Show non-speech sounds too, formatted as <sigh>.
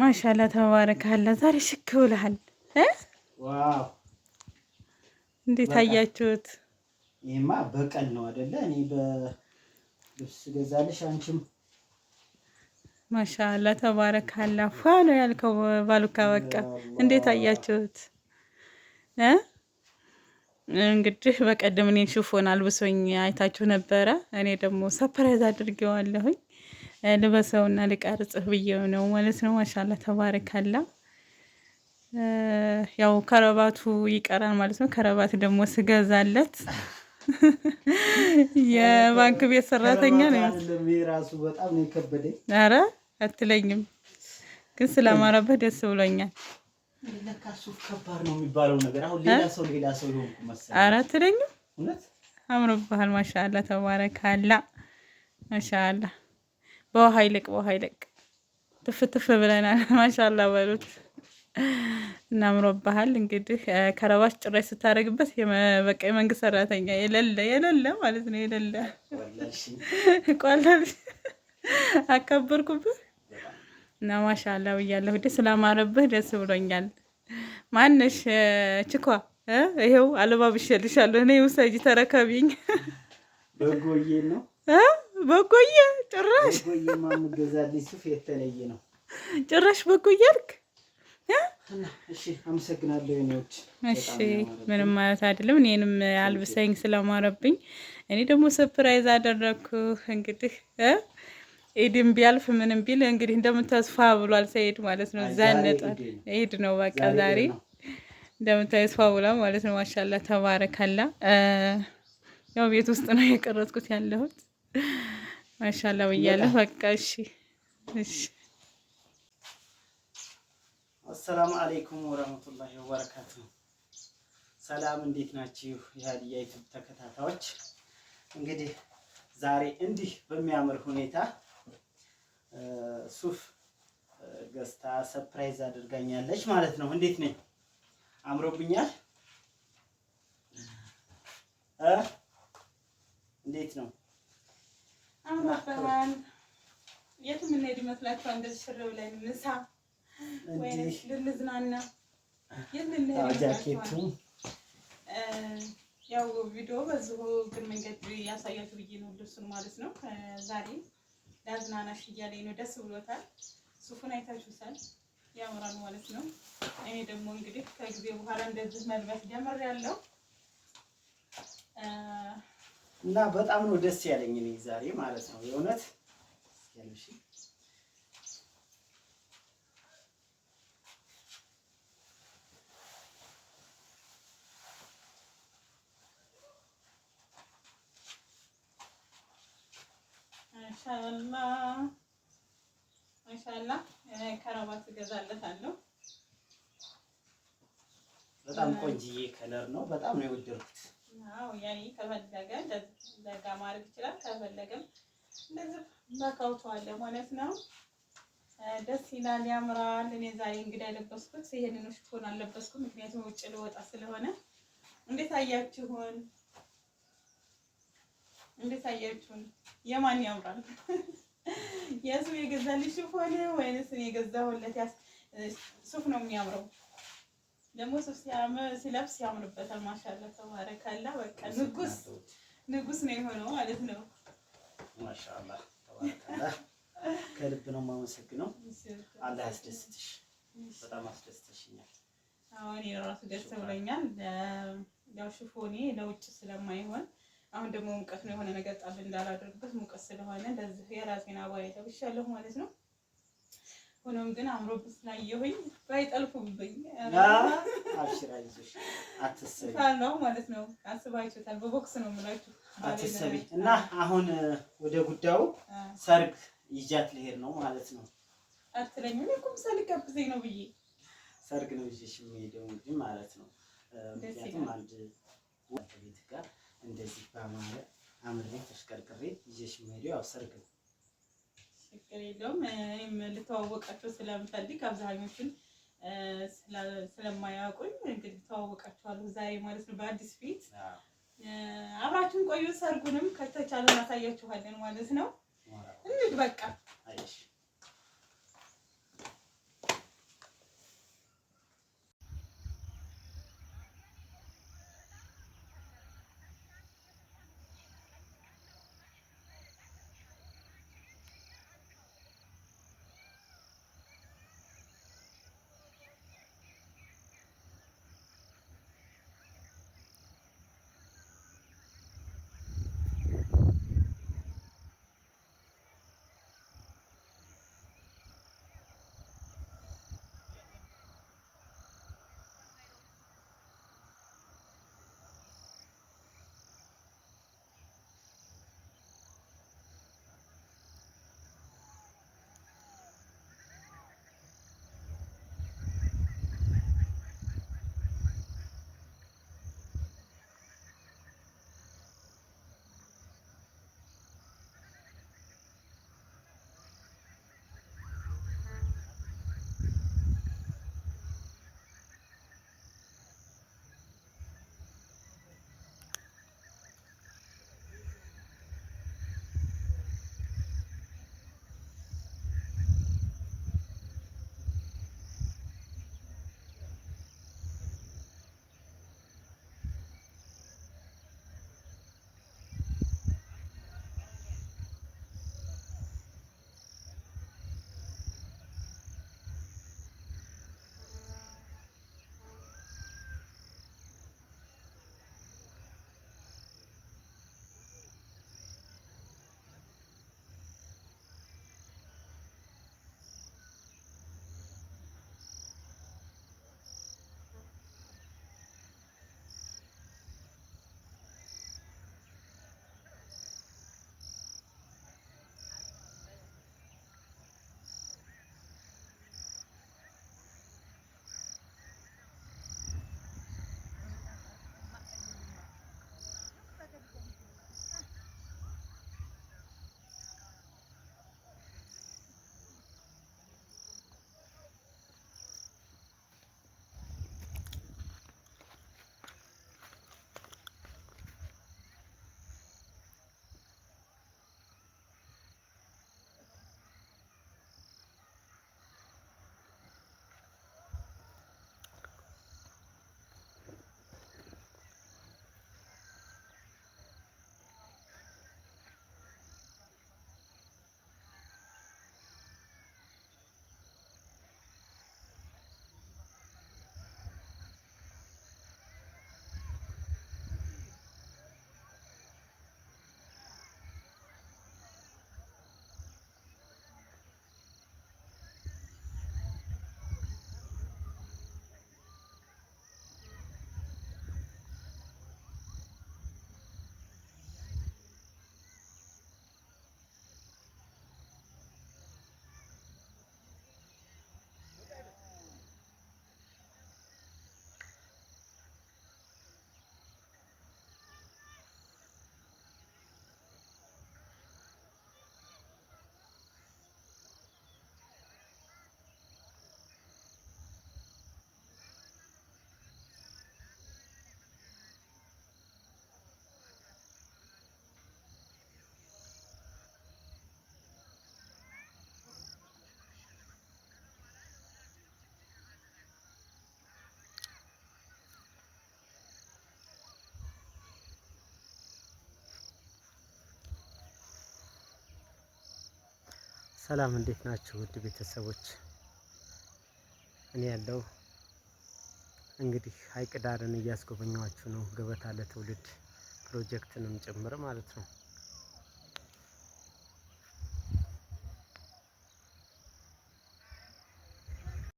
ማሻላ ተባረካላ። ዛሬ ሽክ ብለሃል። እንዴት አያችሁት? ይህማ በቀል ነው አደለ? እኔ በልብስ ገዛልሽ አንቺም ማሻላ ተባረካላ። ፏ ነው ያልከው ባሉካ። በቃ እንዴት አያችሁት? እንግዲህ በቀደም እኔን ሽፎን አልብሶኝ አይታችሁ ነበረ። እኔ ደግሞ ሰፕራይዝ አድርጌዋለሁኝ። ልበሰውና ልቀርጽህ ብዬው ነው ማለት ነው። ማሻላ ተባረካላ። ያው ከረባቱ ይቀራል ማለት ነው። ከረባት ደግሞ ስገዛለት <laughs> የባንክ ቤት ሰራተኛ ነው። ኧረ አትለኝም፣ ግን ስለማረበህ ደስ ብሎኛል። አረ አትለኝም፣ አምሮብሃል። ማሻላ ተባረካላ። ማሻላ በውሃ ይልቅ በውሃ ይለቅ ትፍትፍ ብለናል። <laughs> ማሻላ በሉት እናምሮባሃል። እንግዲህ ከረባሽ ጭራሽ ስታደርግበት በቃ የመንግስት ሰራተኛ የለለ የለለ ማለት ነው የለለ ቆላል አከበርኩብህ እና ማሻላ ብያለሁ። ደስ ስላማረብህ ደስ ብሎኛል። ማነሽ ችኳ ይሄው አለባብሼልሻለሁ። እኔ ውሰጂ ተረከቢኝ። በጎዬ ነው በቆየ ጭራሽ በቆየማ የምገዛልኝ ሱፍ የተለየ ነው። ጭራሽ በቆየ አልክ። እሺ አመሰግናለሁ። ኔዎች እሺ ምንም ማለት አይደለም። እኔንም አልብሰኝ ስለማረብኝ እኔ ደግሞ ሰፕራይዝ አደረግኩ። እንግዲህ ኢድም ቢያልፍ ምንም ቢል እንግዲህ እንደምተስፋ ብሏል ሰይድ ማለት ነው። እዛ ነጣል ኢድ ነው በቃ ዛሬ እንደምታስፋ ብሏል ማለት ነው። ማሻላ ተባረካላ። ያው ቤት ውስጥ ነው የቀረጽኩት ያለሁት ማሻላ ብያለሁ። በቃ እሺ፣ እሺ። አሰላሙ አለይኩም ወራህመቱላሂ ወበረካቱ። ሰላም እንዴት ናችሁ? የሀዲያ ዩቲዩብ ተከታታዮች እንግዲህ ዛሬ እንዲህ በሚያምር ሁኔታ ሱፍ ገዝታ ሰርፕራይዝ አድርጋኛለች ማለት ነው። እንዴት ነኝ? አምሮብኛል? እንዴት ነው? አባባን የት የምንሄድ ይመስላችኋል? እንደዚህ ሽር ብለን ምሳ ወይስ ልንዝናና የት ልንሄድ ይመስላችኋል? ያው ቪዲዮ በዚሁ ግን መንገድ ያሳያችሁ ብዬ ነው ልብሱን ማለት ነው። ዛሬ ላዝናናሽ እያለኝ ነው። ደስ ብሎታል። ሱፉን አይታችሁታል። ያምራል ማለት ነው። እኔ ደግሞ እንግዲህ ከጊዜ በኋላ እንደዚህ መልበስ ጀምሬያለሁ። እና በጣም ነው ደስ ያለኝ እኔ ዛሬ ማለት ነው የእውነት ማሻላ ማሻላ ከረባት እገዛለታለሁ። በጣም ቆንጅዬ ከለር ነው። በጣም ነው የወደድኩት። አዎ ያኔ ከፈለገ ለጋ ማድረግ ይችላል። ከፈለገም እንደዚህ በካውቷል ማለት ነው። ደስ ይላል፣ ያምራል። እኔ ዛሬ እንግዲህ ያለበስኩት ይሄንን ሽፎን አለበስኩም፣ ምክንያቱም ውጭ ልወጣ ስለሆነ። እንዴት አያችሁን? እንዴት አያችሁን? የማን ያምራል? <laughs> የሱ የገዛልሽ ሽፎን ወይንስ እኔ የገዛሁለት ሱፍ ነው የሚያምረው? ደግሞ ሰው ሲለብስ ያምርበታል። ማሻላ ተባረካላ። በቃ ንጉስ ንጉስ ነው የሆነው ማለት ነው። ማሻላ ተባረካላ። ከልብ ነው የማመሰግነው። አላህ ያስደስትሽ። በጣም አስደስተሽኛል። አሁን የራሱ ደስ ብሎኛል። ያው ሽፎኔ ለውጭ ስለማይሆን አሁን ደግሞ ሙቀት ነው የሆነ ነገር ጣል እንዳላደርግበት ሙቀት ስለሆነ ለዚህ የራሴን አባያ ለብሻለሁ ማለት ነው። ሆኖም ግን አምሮብህ ስላየሁኝ ባይጠልፉብኝ አብሽራ ይዞሽ ነው ማለት ነው። አስባችሁታል። በቦክስ ነው የምላችሁ አትሰቢ። እና አሁን ወደ ጉዳዩ ሰርግ ይዣት ልሄድ ነው ማለት ነው። አትለኝም እኮ ምሳ ልጋብዘኝ ነው ብዬ ሰርግ ነው ይዤሽ የሚሄደው እንጂ ማለት ነው። ምክንያቱም አንድ ቤት ጋር እንደዚህ በማለት አምሬ ተሽቀርቅሬ ይዤሽ የሚሄደው ያው ሰርግ ነው። ችግር የለውም። እኔም ልተዋወቃቸው ስለምፈልግ አብዛኞቹን ስለማያውቁኝ እንግዲህ ተዋወቃቸዋለሁ ዛሬ ማለት ነው በአዲስ ፊት። አብራችሁን ቆዩ። ሰርጉንም ከተቻለ እናሳያችኋለን ማለት ነው። እንግዲህ በቃ ሰላም እንዴት ናችሁ? ውድ ቤተሰቦች እኔ ያለው እንግዲህ ሀይቅ ዳርን እያስጎበኘዋችሁ ነው። ገበታ ለትውልድ ፕሮጀክትንም ጭምር ማለት ነው።